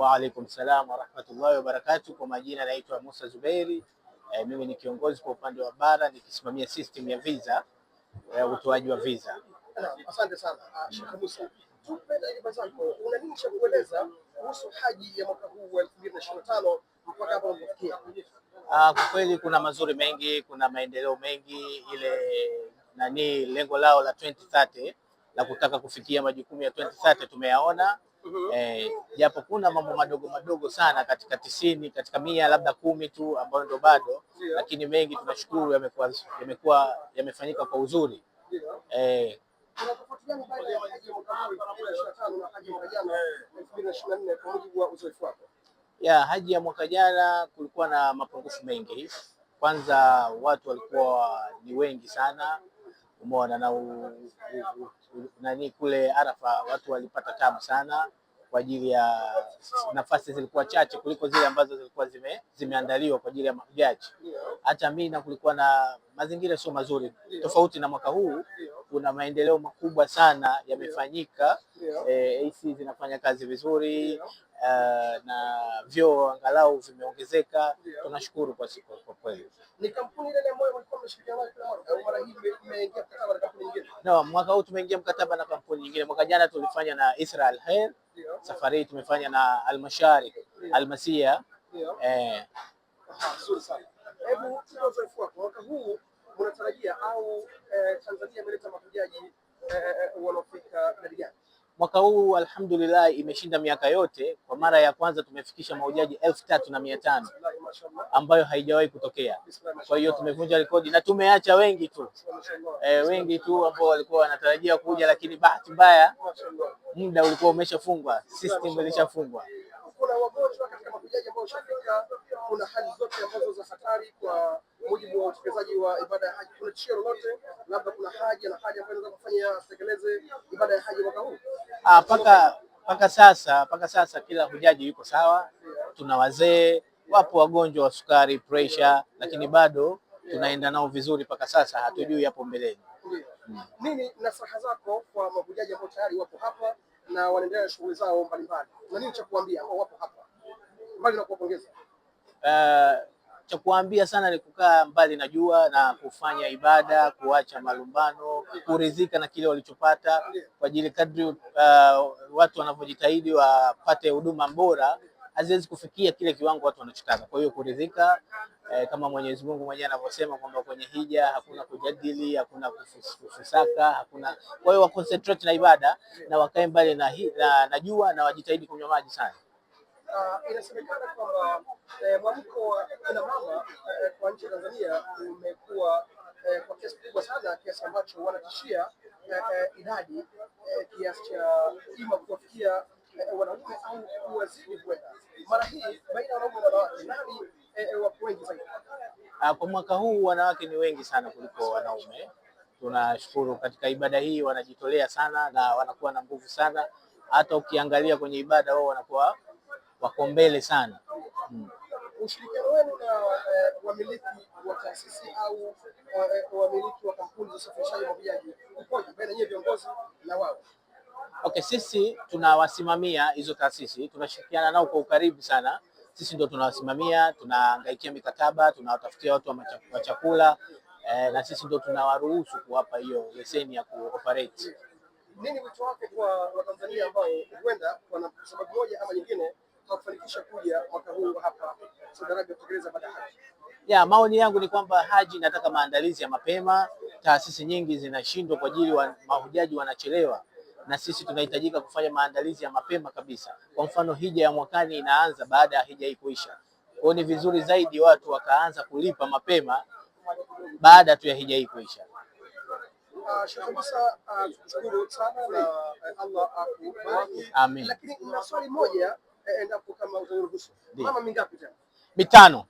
Wa alaikum salam warahmatullahi wabarakatu Kwa majina naitwa Musa Zuberi. E, mimi ni kiongozi kwa upande wa bara nikisimamia system ya visa ya utoaji wa visa. Asante sana ah, Sheikh Musa, tupe taarifa zako, una nini cha kueleza kuhusu haji ya mwaka huu wa 2025 mpaka hapo ulipofikia? Ah, kwa kweli kuna mazuri mengi, kuna maendeleo mengi, ile nani lengo lao la 2030 la kutaka kufikia majukumu ya 2030 tumeyaona Mm-hmm. Eh, japo mm -hmm. E, kuna mambo madogo madogo sana katika tisini katika mia labda kumi tu ambayo ndo bado, lakini mengi tunashukuru yamekuwa yamekuwa yamefanyika kwa uzuri e, ya haji ya mwaka jana kulikuwa na mapungufu mengi. Kwanza watu walikuwa ni wengi sana, umeona na u, u, u, nani kule Arafa watu walipata tabu sana kwa ajili ya nafasi zilikuwa chache kuliko zile ambazo zilikuwa zime, zimeandaliwa kwa ajili ya mahujaji. Hata na kulikuwa na mazingira sio mazuri tofauti na mwaka huu kuna maendeleo makubwa sana yamefanyika, yeah. yeah. E, AC zinafanya kazi vizuri yeah. Uh, na vyoo angalau vimeongezeka yeah. Tunashukuru kwa siku kwa kweli. Ni kampuni ile ambayo mlikuwa mmeshirikiana nayo mara hii mmeingia mkataba na kampuni nyingine? No, mwaka huu tumeingia mkataba na kampuni nyingine. Mwaka jana tulifanya na Israel Hair yeah. Safari hii tumefanya na Almashari. yeah. Almasia yeah. Eh. Ah, sana. Hebu, huu unatarajia au eh, Tanzania imeleta mahujaji eh, wanaofika idadi gani? Mwaka huu alhamdulillah imeshinda miaka yote. Kwa mara ya kwanza tumefikisha mahujaji elfu tatu na mia tano ambayo haijawahi kutokea. Kwa hiyo tumevunja rekodi na tumeacha wengi tu e, wengi tu ambao walikuwa wanatarajia kuja, lakini bahati mbaya muda ulikuwa umeshafungwa, system ilishafungwa. Kuna wagonjwa katika mahujaji ambao washafika, kuna hali zote ambazo za hatari kwa mujibu wa utekelezaji wa ibada ya haji, kuna tishio lolote, labda kuna haja na haja ambayo inaweza kufanya asitekeleze ibada ya haji mwaka huu? Ah, paka paka sasa, paka sasa kila hujaji yuko sawa. Tuna wazee wapo wagonjwa wa sukari, pressure, lakini bado tunaenda nao vizuri mpaka sasa, hatujui hapo mbeleni nini. Hmm. Nasaha zako kwa mahujaji ambao tayari wapo hapa na wanaendelea shughuli zao mbalimbali, na nini cha kuambia ambao wapo hapa mbali na kuwapongeza? Ah, cha kuambia sana ni kukaa mbali na jua na kufanya ibada, kuacha malumbano, kuridhika na kile walichopata, kwa ajili kadri uh, watu wanavyojitahidi wapate huduma bora haziwezi kufikia kile kiwango watu wanachotaka. Kwa hiyo kuridhika, eh, kama Mwenyezi Mungu mwenyewe anavyosema kwamba kwenye hija hakuna kujadili, hakuna kufusaka, hakuna. Kwa hiyo wa concentrate na ibada na wakae mbali na, na, na jua na wajitahidi kunywa maji sana. Ah, inasemekana kwamba eh, mwamko wa kina mama eh, kwa nchi ya Tanzania umekuwa eh, kwa kiasi kikubwa sana kiasi ambacho wanatishia eh, eh, idadi eh, kiasi cha ima kuwafikia eh, wanaume au kuwazidi kwenda. Mara hii baina ya wanaume na wanawake nani eh, wapo wengi zaidi? Ah, kwa mwaka huu wanawake ni wengi sana kuliko wanaume. Tunashukuru katika ibada hii wanajitolea sana na wanakuwa na nguvu sana. Hata ukiangalia kwenye ibada wao wanakuwa wako mbele sana hmm. Ushirikiano wenu na eh, wamiliki wa taasisi au eh, wamiliki wa kampuni za usafirishaji wa bajaji ukoje baina ya viongozi na wao? Okay, sisi tunawasimamia hizo taasisi, tunashirikiana nao kwa ukaribu sana. Sisi ndio tunawasimamia, tunahangaikia mikataba, tunawatafutia watu wa chakula eh, na sisi ndio tunawaruhusu kuwapa hiyo leseni ya kuoperate. Nini wito wako kwa Watanzania ambao huenda kwa sababu moja ama nyingine hakufanikisha kuja mwaka huu hapa Saudi Arabia kutekeleza ibada ya haji? Ya, maoni yangu ni kwamba haji inataka maandalizi ya mapema. Taasisi nyingi zinashindwa kwa ajili wa mahujaji wanachelewa, na sisi tunahitajika kufanya maandalizi ya mapema kabisa. Kwa mfano, hija ya mwakani inaanza baada ya hija hii kuisha. Kwa hiyo ni vizuri zaidi watu wakaanza kulipa mapema baada tu ya hija hii kuisha. Ah, ah, eh, Amin. Lakini na swali moja endapo kama utaniruhusu, alama mingapi tena? Mitano.